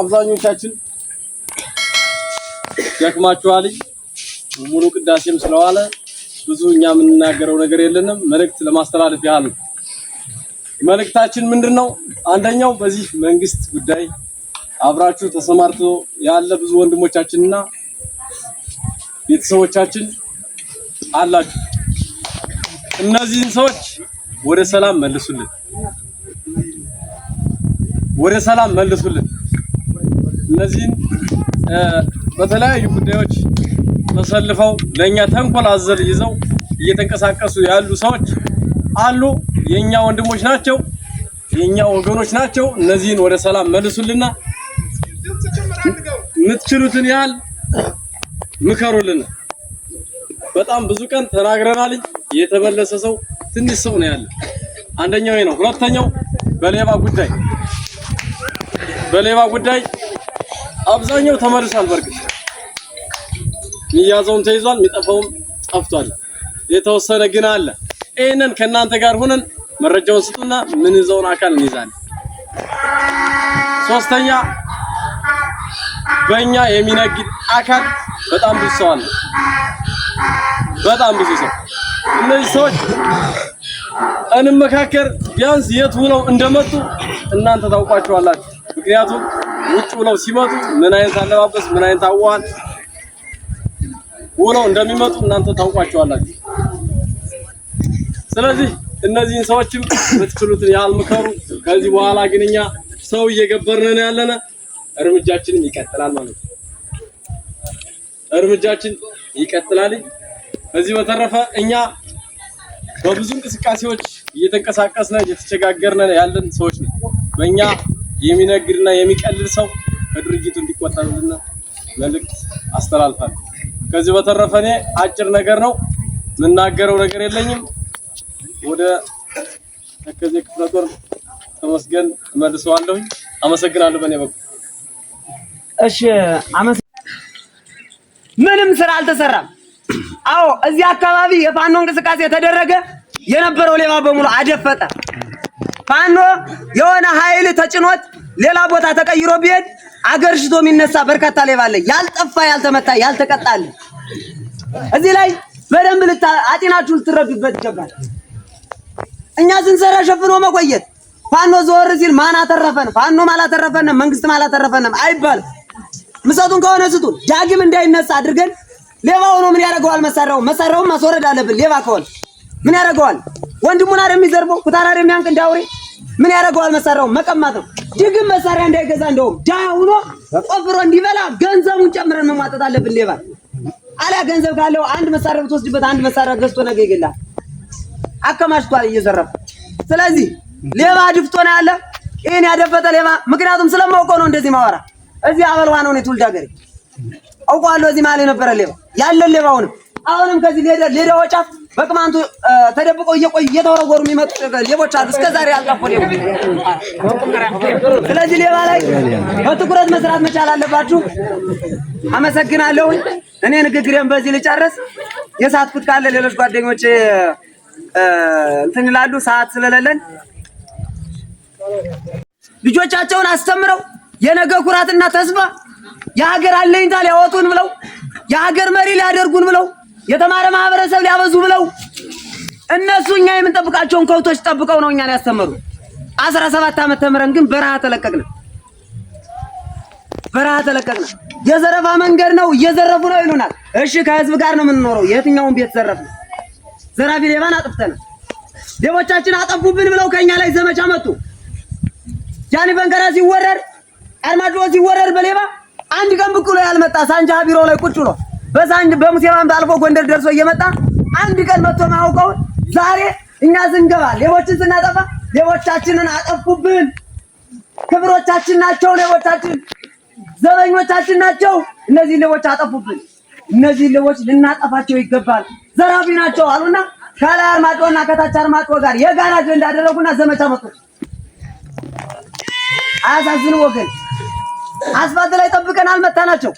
አብዛኞቻችን ያክማችኋል። ሙሉ ቅዳሴም ስለዋለ ብዙ እኛ የምንናገረው ነገር የለንም። መልእክት ለማስተላለፍ ያህል ነው። መልእክታችን ምንድን ነው? አንደኛው በዚህ መንግስት ጉዳይ አብራችሁ ተሰማርቶ ያለ ብዙ ወንድሞቻችንና ቤተሰቦቻችን አላችሁ። እነዚህን ሰዎች ወደ ሰላም መልሱልን። ወደ ሰላም መልሱልን። እነዚህን በተለያዩ ጉዳዮች ተሰልፈው ለእኛ ተንኮል አዘል ይዘው እየተንቀሳቀሱ ያሉ ሰዎች አሉ። የእኛ ወንድሞች ናቸው፣ የእኛ ወገኖች ናቸው። እነዚህን ወደ ሰላም መልሱልና የምትችሉትን ያህል ምከሩልን። በጣም ብዙ ቀን ተናግረናል። የተመለሰ ሰው ትንሽ ሰው ነው ያለ። አንደኛው ነው። ሁለተኛው በሌባ ጉዳይ በሌባ ጉዳይ አብዛኛው ተመልሷል። በርግጥ የሚያዘውም ተይዟል፣ የሚጠፋውም ጠፍቷል። የተወሰነ ግን አለ። ይህንን ከእናንተ ጋር ሆነን መረጃውን ስጡና ምን ይዘውን አካል እንይዛለን። ሶስተኛ በእኛ የሚነግድ አካል በጣም ብዙ ሰው አለ። በጣም ብዙ ሰው እነዚህ ሰዎች እንመካከር፣ ቢያንስ የት ሆነው እንደመጡ እናንተ ታውቋቸዋላችሁ። ምክንያቱም ውጭ ውለው ሲመጡ ምን አይነት አለባበስ፣ ምን አይነት አዋዋል ውለው እንደሚመጡ እናንተ ታውቋቸዋላችሁ። ስለዚህ እነዚህን ሰዎችም የምትችሉትን ያህል ምከሩ። ከዚህ በኋላ ግን እኛ ሰው እየገበርን ነው ያለነ፣ እርምጃችንም ይቀጥላል ማለት ነው። እርምጃችን ይቀጥላል። ከዚህ በተረፈ እኛ በብዙ እንቅስቃሴዎች እየተንቀሳቀስነ እየተቸጋገርን ያለን ሰዎች ነው። በእኛ የሚነግድና የሚቀልል ሰው ከድርጅቱ እንዲቆጠብልን መልእክት አስተላልፋለሁ። ከዚህ በተረፈ እኔ አጭር ነገር ነው የምናገረው፣ ነገር የለኝም። ወደ ተከዜ ክፍለ ጦር ተመስገን እመልሰዋለሁ። አመሰግናለሁ። በእኔ በኩል እሺ። ምንም ስራ አልተሰራም። አዎ እዚህ አካባቢ የፋኖ እንቅስቃሴ የተደረገ የነበረው ሌባ በሙሉ አደፈጠ። ፋኖ የሆነ ኃይል ተጭኖት ሌላ ቦታ ተቀይሮ ቢሄድ አገር ሽቶ የሚነሳ በርካታ ሌባ አለ። ያልጠፋ ያልተመታ ያልተቀጣለ። እዚህ ላይ በደንብ ልታ አጤናችሁ ልትረዱበት ይገባል። እኛ ስንሰራ ሸፍኖ መቆየት ፋኖ ዘወር ሲል ማን አተረፈን፣ ፋኖም አላተረፈንም፣ መንግስትም አላተረፈንም አይባልም። ምሰቱን ከሆነ ስጡ፣ ዳግም እንዳይነሳ አድርገን። ሌባ ሆኖ ምን ያደርገዋል? መሳሪያውን መሳሪያውን ማስወረድ አለብን። ሌባ ከሆነ ምን ያደርገዋል? ወንድሙን አይደል የሚዘርበው ኩታራ የሚያንቅ እንዳውሬ ምን ያደርገዋል? መሳሪያውን መቀማት ነው። ድግም መሳሪያ እንዳይገዛ እንደውም ዳ ሆኖ ቆፍሮ እንዲበላ ገንዘቡን ጨምረን መሟጠጥ አለብን። ሌባ አሊያ ገንዘብ ካለው አንድ መሳሪያ ብትወስድበት አንድ መሳሪያ ገዝቶ ነገ ይገላል። አከማችቷል እየዘረፈ ስለዚህ ሌባ ድፍቶ ነው ያለ። ይሄን ያደፈጠ ሌባ ምክንያቱም ስለማውቀው ነው እንደዚህ ማወራ። እዚህ አበልዋ ነው ትውልድ ሀገሬ አውቀዋለሁ። እዚህ መሀል የነበረ ሌባ ያለን ሌባውንም አሁንም ከዚህ ሌዳው ጫፍ በቅማንቱ ተደብቆ እየቆዩ እየተወረወሩ የሚመጡ ሌቦች አሉ። እስከ ዛሬ አልጠፉ ሌቦች። ስለዚህ ሌባ ላይ በትኩረት መስራት መቻል አለባችሁ። አመሰግናለሁ። እኔ ንግግሬን በዚህ ልጨርስ። የሳትኩት ካለ ሌሎች ጓደኞች እንትን ይላሉ። ሰዓት ስለሌለን ልጆቻቸውን አስተምረው የነገ ኩራትና ተስፋ የሀገር አለኝታ ሊያወጡን ብለው የሀገር መሪ ሊያደርጉን ብለው የተማረ ማህበረሰብ ሊያበዙ ብለው እነሱ እኛ የምንጠብቃቸውን ከብቶች ጠብቀው ነው እኛን ያስተመሩ። አስራ ሰባት አመት ተምረን ግን በረሃ ተለቀቅን፣ በረሃ ተለቀቅን። የዘረፋ መንገድ ነው፣ እየዘረፉ ነው ይሉናል። እሺ ከህዝብ ጋር ነው የምንኖረው። የትኛውን ቤት ዘረፍን? ዘራፊ ሌባን አጥፍተን ሌቦቻችን አጠፉብን ብለው ከኛ ላይ ዘመቻ መጡ። ያኔ በንገራ ሲወረድ አርማድሮ ሲወረር በሌባ አንድ ቀን ብቅ ብሎ ያልመጣ ሳንጃ ቢሮ ላይ ቁጭ ነው። በዛን በሙሴ ማምት አልፎ ጎንደር ደርሶ እየመጣ አንድ ቀን መጥቶ ማውቀው ዛሬ እኛ ስንገባ ሌቦችን ስናጠፋ ሌቦቻችንን አጠፉብን። ክብሮቻችን ናቸው ሌቦቻችን፣ ዘበኞቻችን ናቸው። እነዚህ ሌቦች አጠፉብን። እነዚህ ሌቦች ልናጠፋቸው ይገባል፣ ዘራቢ ናቸው አሉና ከላይ አርማጮና ከታች አርማጮ ጋር የጋራ አጀንዳ አደረጉና ዘመቻ መጡ። አያሳዝን ወገን፣ አስፋልት ላይ ጠብቀን አልመታናቸው።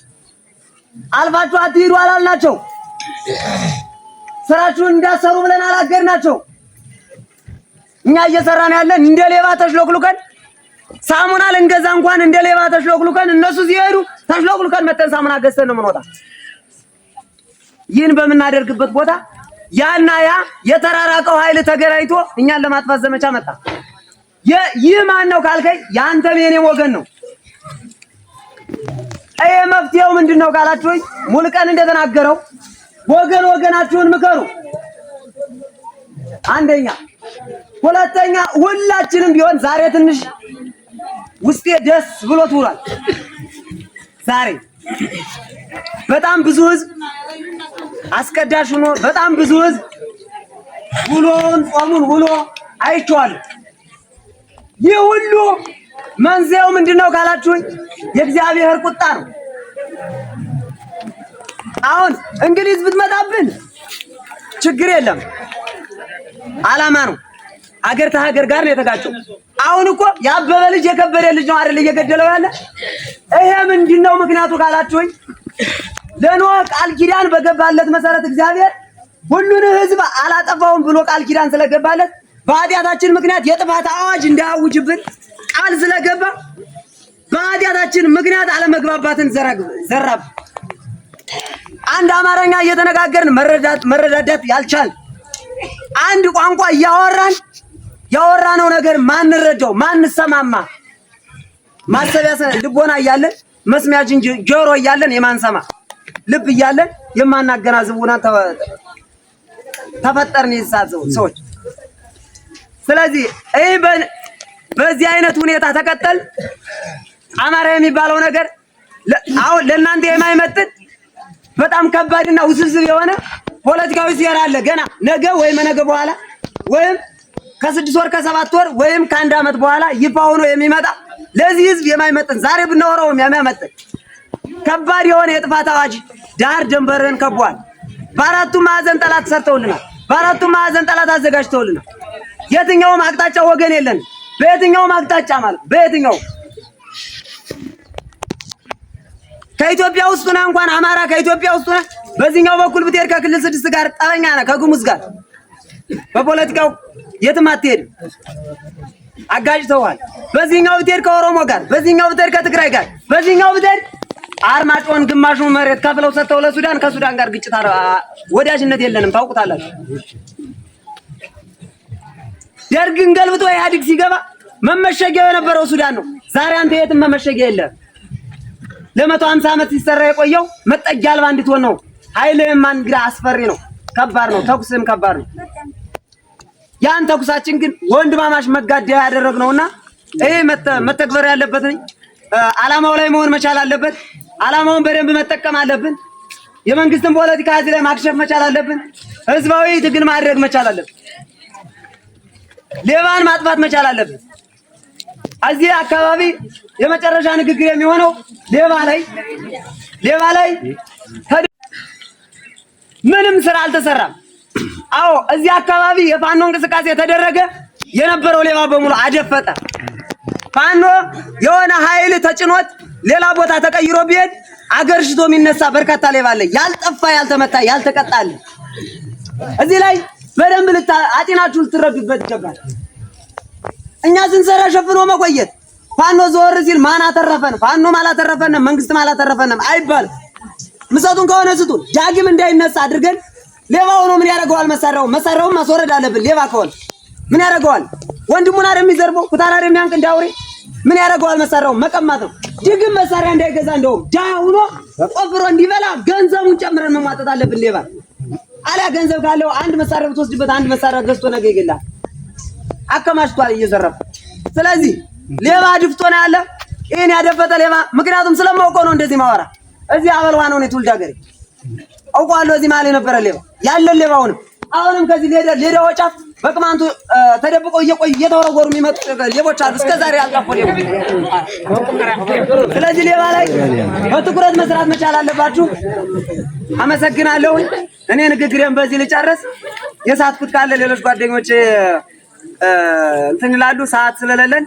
አልፋችሁ አትሂዱ አላልናቸው። ስራችሁን እንዳሰሩ ብለን አላገድናቸው። እኛ እየሰራን ያለን እንደ ሌባ ተሽሎክሉከን ሳሙና ልንገዛ እንኳን እንደ ሌባ ተሽሎክሉከን፣ እነሱ ሲሄዱ ተሽሎክሉከን መተን ሳሙና ገዝተን ነው የምንወጣ። ይህን በምናደርግበት ቦታ ያና ያ የተራራቀው ኃይል ተገናኝቶ እኛን ለማጥፋት ዘመቻ መጣ። ይህ ማን ነው ካልከኝ፣ የአንተም የኔም ወገን ነው። ይሄ መፍትሄው ምንድን ነው ካላችሁኝ፣ ሙልቀን እንደተናገረው ወገን ወገናችሁን ምከሩ። አንደኛ፣ ሁለተኛ ሁላችንም ቢሆን ዛሬ ትንሽ ውስጤ ደስ ብሎት ውሏል። ዛሬ በጣም ብዙ ህዝብ አስቀዳሽ ሆኖ በጣም ብዙ ህዝብ ውሎን ጾሙን ውሎ አይቼዋለሁ። ይህ ሁሉ መንስኤው ምንድን ነው ካላችሁኝ የእግዚአብሔር ቁጣ ነው። አሁን እንግሊዝ ብትመጣብን ችግር የለም። አላማ ነው። አገር ከሀገር ጋር ነው የተጋጨው። አሁን እኮ ያበበ ልጅ የከበደ ልጅ ነው አይደል እየገደለው ያለ። ይሄ ምንድን ነው ምክንያቱ ካላችሁኝ ለኖህ ቃል ኪዳን በገባለት መሰረት እግዚአብሔር ሁሉን ህዝብ አላጠፋውም ብሎ ቃል ኪዳን ስለገባለት በኃጢአታችን ምክንያት የጥፋት አዋጅ እንዳያውጅብን ቃል ስለገባ በኃጢአታችን ምክንያት አለመግባባትን ዘራብ። አንድ አማርኛ እየተነጋገርን መረዳዳት ያልቻል፣ አንድ ቋንቋ እያወራን ያወራነው ነገር ማንረዳው ማንሰማማ፣ ማሰቢያ ልቦና እያለን መስሚያችን ጆሮ እያለን የማንሰማ ልብ እያለን የማናገናዝብ ሆና ተፈጠርን ሰዎች። ስለዚህ ይህ በዚህ አይነት ሁኔታ ተቀጠል አማራ የሚባለው ነገር አሁን ለእናንተ የማይመጥን በጣም ከባድና ውስብስብ የሆነ ፖለቲካዊ ሴራ አለ። ገና ነገ ወይም ነገ በኋላ ወይም ከስድስት ወር ከሰባት ወር ወይም ከአንድ ዓመት በኋላ ይፋ ሆኖ የሚመጣ ለዚህ ህዝብ የማይመጥን ዛሬ ብናወራውም የማይመጥን ከባድ የሆነ የጥፋት አዋጅ ዳር ደንበርን ከቧል። በአራቱ ማዕዘን ጠላት ሰርተውልናል። በአራቱ ማዕዘን ጠላት አዘጋጅተውልናል። የትኛውም አቅጣጫ ወገን የለን። በየትኛውም አቅጣጫ ማለት በየትኛውም ከኢትዮጵያ ውስጥ ሆነህ እንኳን አማራ ከኢትዮጵያ ውስጥ ሆነህ በዚህኛው በኩል ብትሄድ ከክልል ስድስት ጋር ጠበኛ ነህ፣ ከጉሙዝ ጋር በፖለቲካው የትም አትሄድም። አጋጭተውሃል። በዚህኛው ብትሄድ ከኦሮሞ ጋር፣ በዚህኛው ብትሄድ ከትግራይ ጋር፣ በዚህኛው ብትሄድ አርማጮን ግማሹ መሬት ከፍለው ሰጥተው ለሱዳን ከሱዳን ጋር ግጭት ወዳጅነት የለንም፣ ታውቁታላችሁ። ደርግን ገልብጦ ኢህአዴግ ሲገባ መመሸጊያው የነበረው ሱዳን ነው። ዛሬ አንተ የትም መመሸጊያ የለም ለመቶ ሃምሳ ዓመት ሲሰራ የቆየው መጠጊያ አልባ እንድትሆን ነው። ኃይልህም እንግዳ አስፈሪ ነው፣ ከባድ ነው። ተኩስህም ከባድ ነው። ያን ተኩሳችን ግን ወንድማማች መጋደያ ያደረግነውና ይሄ መተግበር ያለበት አላማው ላይ መሆን መቻል አለበት። አላማውን በደንብ መጠቀም አለብን። የመንግስትን ፖለቲካ እዚህ ላይ ማክሸፍ መቻል አለብን። ህዝባዊ ትግል ማድረግ መቻል አለብን። ሌባን ማጥፋት መቻል አለብን። እዚህ አካባቢ የመጨረሻ ንግግር የሚሆነው ሌባ ላይ ሌባ ላይ ምንም ስራ አልተሰራም። አዎ እዚህ አካባቢ የፋኖ እንቅስቃሴ ተደረገ። የነበረው ሌባ በሙሉ አደፈጠ። ፋኖ የሆነ ኃይል ተጭኖት ሌላ ቦታ ተቀይሮ ቢሄድ አገር ሽቶ የሚነሳ በርካታ ሌባ አለ። ያልጠፋ ያልተመታ ያልተቀጣለ እዚህ ላይ በደንብ አጢናችሁ ልትረዱበት ይገባል። እኛ ስንሰራ ሸፍኖ መቆየት ፋኖ ዘወር ሲል ማን አተረፈን? ፋኖም አላተረፈንም፣ መንግስትም አላተረፈንም አይባልም። ምሰቱን ከሆነ ስጡን፣ ጃጊም እንዳይነሳ አድርገን። ሌባ ሆኖ ምን ያደርገዋል? መሳሪያውን መሳሪያውን ማስወረድ አለብን። ሌባ ከሆነ ምን ያደርገዋል? ወንድሙን አይደል የሚዘርፈው ኩታራ አይደል የሚያንቅ እንዳውሬ ምን ያደርገዋል? መሳሪያውን መቀማት ነው። ጅግም መሳሪያ እንዳይገዛ እንደውም ዳ ሆኖ ቆፍሮ እንዲበላ ገንዘቡን ጨምረን መሟጠጥ አለብን። ሌባ አሊያ ገንዘብ ካለው አንድ መሳሪያ ብትወስድበት አንድ መሳሪያ ገዝቶ ነገ ይገላል። አከማችቷል እየዘረፈ። ስለዚህ ሌባ ድፍቶና ያለ ይሄን ያደፈጠ ሌባ፣ ምክንያቱም ስለማውቀው ነው እንደዚህ ማወራ። እዚህ አበልዋ ነው ትውልድ ሀገሬ አውቀዋለሁ። እዚህ መሀል የነበረ ሌባ ያለን ሌባውንም አሁንም ከዚህ ሌዳ ጫፍ በቅማንቱ ተደብቆ እየቆዩ እየተወረወሩ የሚመጡ ሌቦች አሉ። እስከ ዛሬ ያልጠፉ ሌቦች። ስለዚህ ሌባ ላይ በትኩረት መስራት መቻል አለባችሁ። አመሰግናለሁ። እኔ ንግግሬን በዚህ ልጨርስ። የሳትኩት ካለ ሌሎች ጓደኞች እንትን ይላሉ ሰዓት ስለሌለን